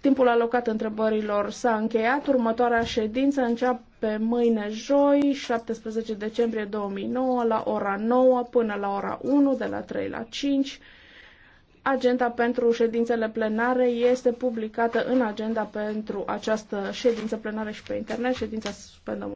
Timpul alocat întrebărilor s-a încheiat. Următoarea ședință începe mâine joi, 17 decembrie 2009, la ora 9 până la ora 1, de la 3 la 5. Agenda pentru ședințele plenare este publicată în agenda pentru această ședință plenară și pe internet. Ședința suspendă.